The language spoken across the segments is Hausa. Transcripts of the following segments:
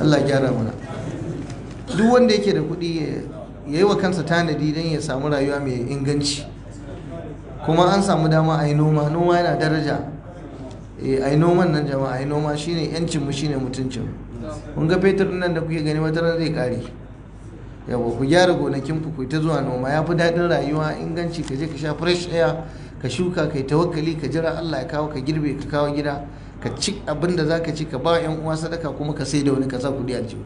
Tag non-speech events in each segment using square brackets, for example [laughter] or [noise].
Allah gyara mana duk wanda yake da kuɗi ya yi wa kansa tanadi don ya samu rayuwa mai inganci kuma an samu dama a yi noma noma yana daraja eh, a yi noman nan jama'a a yi noma shine yancinmu shine mutuncin mun ga fetur nan da kuke gani wata zai kare yawa ku gyara gonakin ku ta zuwa noma ya fi daɗin rayuwa inganci ka je ka sha fresh air ka shuka ka yi tawakkali ka jira allah ya kawo ka girbe ka kawo gida ka ci abin da za ka ci ka ba yan uwa sadaka kuma ka sai da wani ka sa kuɗi a jiwo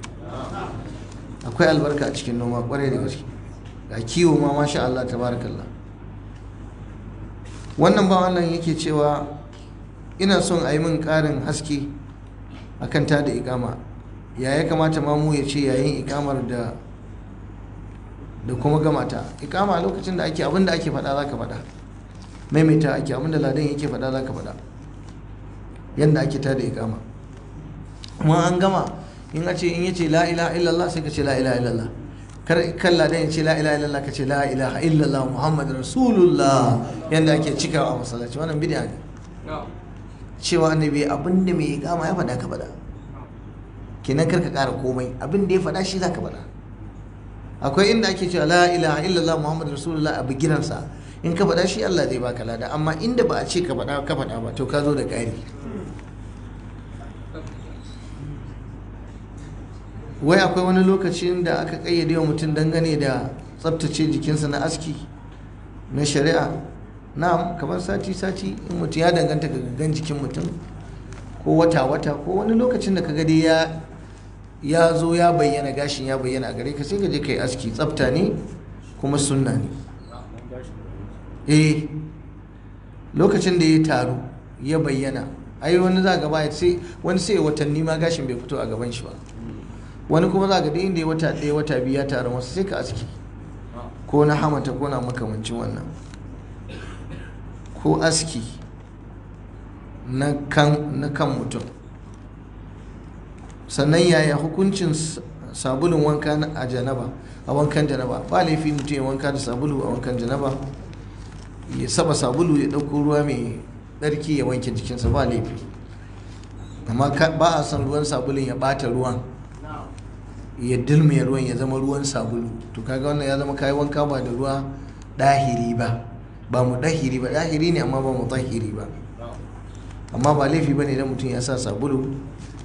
akwai albarka a cikin noma kwarai da gaske ga kiwo ma masha Allah tabarakallah wannan ba wannan yake cewa ina son a yi min ƙarin haske akan ta da ikama ya ya kamata mamu ya ce yayin ikamar da da kuma gamata ikama lokacin da ake da ake faɗa za ka faɗa maimaita ake da ladan yake faɗa za ka faɗa yadda ake ta tada ikama kuma an gama in a ce in yace la ilaha illallah sai ka ce la ilaha illallah kar kalla dan yace la ilaha illallah ka ce la ilaha illallah muhammad rasulullah yadda ake cikawa a masallaci wannan bid'a ne cewa annabi abinda mai ikama ya faɗa ka faɗa kenan kar ka ƙara komai abin da ya faɗa shi za ka faɗa akwai inda ake cewa la ilaha illallah muhammad rasulullah a bigiransa in ka faɗa shi Allah zai baka lada amma inda ba a ce ka faɗa ka faɗa ba to ka zo da ƙari wai akwai wani lokacin da aka kayyade wa mutum dangane da tsabtace jikinsa na aski na shari'a na kamar sati-sati in mutum ya danganta ga gangan jikin mutum ko wata-wata ko wani lokacin da ka gade ya ya zo ya bayyana gashin ya bayyana a gare ka sai ka je ka yi aski tsafta ne kuma sunna ne eh lokacin da ya taru ya bayyana ai wani za gaba sai wani sai watanni ma gashin bai fito a gaban shi ba wani kuma za ka da inda ya wata ɗaya wata biyu ya taru wasu sai ka aski ko na hamata ko na makamancin wannan ko aski na kan mutum sannan yaya hukuncin sabulun wanka a janaba a wankan janaba ba laifi mutum ya wanka da sabulu a wankan janaba ya saba sabulu ya ɗauko ruwa mai ɗarki ya wanke jikinsa ba laifi amma ba a son ruwan sabulun ya ɓata ruwan ya dirme ruwan ya zama ruwan sabulu to kaga wannan ya zama kayi wanka ba da ruwa dahiri ba ba mu dahiri ba dahiri ne amma ba mu tahiri ba amma ba laifi ba ne da mutum ya sa sabulu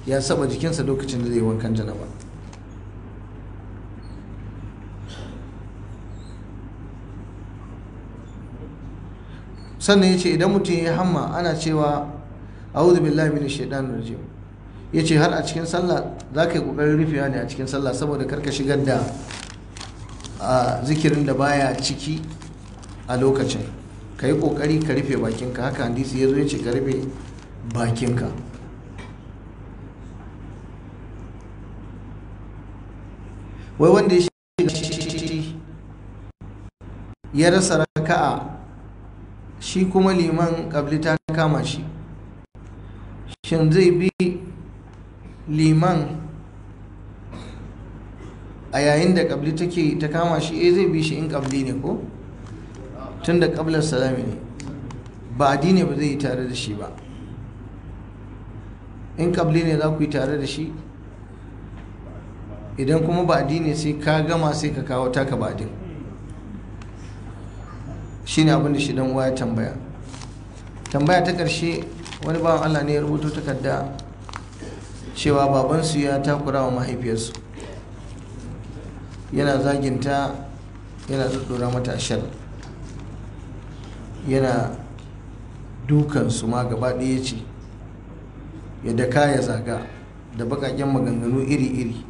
ya saba jikinsa lokacin da zai wankan janaba sannan ya ce idan mutum ya hamma ana cewa a wuzubin lamini shaitanir rajim ya ce har a cikin sallah za ka yi kokarin rufe ne a cikin sallah saboda karka shigar da zikirin da baya ciki a lokacin ka yi ƙoƙari ka rufe bakinka haka hadisi ya zo ya ce ka rufe bakinka wai wanda ya ya rasa raka'a shi kuma liman kabli ta kama shi shin zai bi liman a yayin da kabli take ta kama shi eh zai bi shi in kabli ne ko tun da kablar salami ne ba ne ba zai yi tare da shi ba in kabli ne za ku yi tare da shi idan kuma ba ne sai ka gama sai ka kawo taka ba din shi ne abinda shi dan waya tambaya tambaya ta ƙarshe wani bawan allah ne ya rubuto takarda cewa babansu ya takura wa mahaifiyarsu yana zaginta yana tsutsura mata shan yana dukansu ma gaba ɗaya ce ya daka ya zaga da bakaken maganganu iri-iri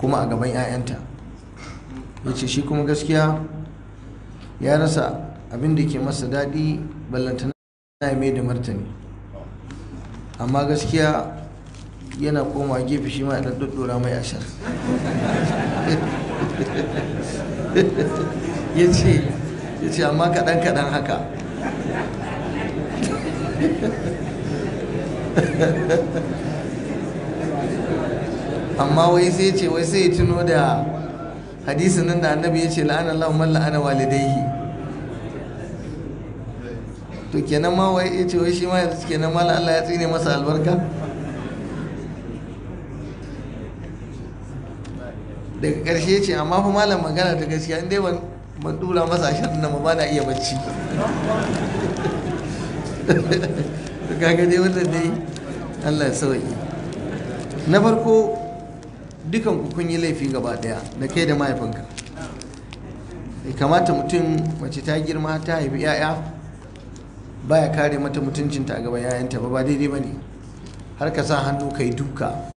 kuma a gaban 'ya'yanta ya ce shi kuma gaskiya ya rasa abin da ke masa daɗi ballantana ya mai da martani amma gaskiya yana komawa gefe shi ma ya daddora mai ashar [laughs] ya ce ya ce amma kaɗan kaɗan haka [laughs] amma wai sai ce wai sai ya tuno da hadisin nan da annabi ya ce la'ana Allah man la'ana walidai to kenan ma wai ya ce wai shi ma ce kenan ma la'ala ya tsine masa albarka daga ƙarshe ce amma fa malam magana ta gaskiya inda ban dura masa ashirin nan ba na iya bacci [laughs] kaga dai wannan dai Allah sauki na farko dukan ku kun yi laifi gaba daya da kai da mahaifinka Ai kamata mutum mace ta girma ta haifi 'ya'ya baya kare mata mutuncinta a gaba 'ya'yanta ba ba daidai ba ne har ka sa hannu kai duka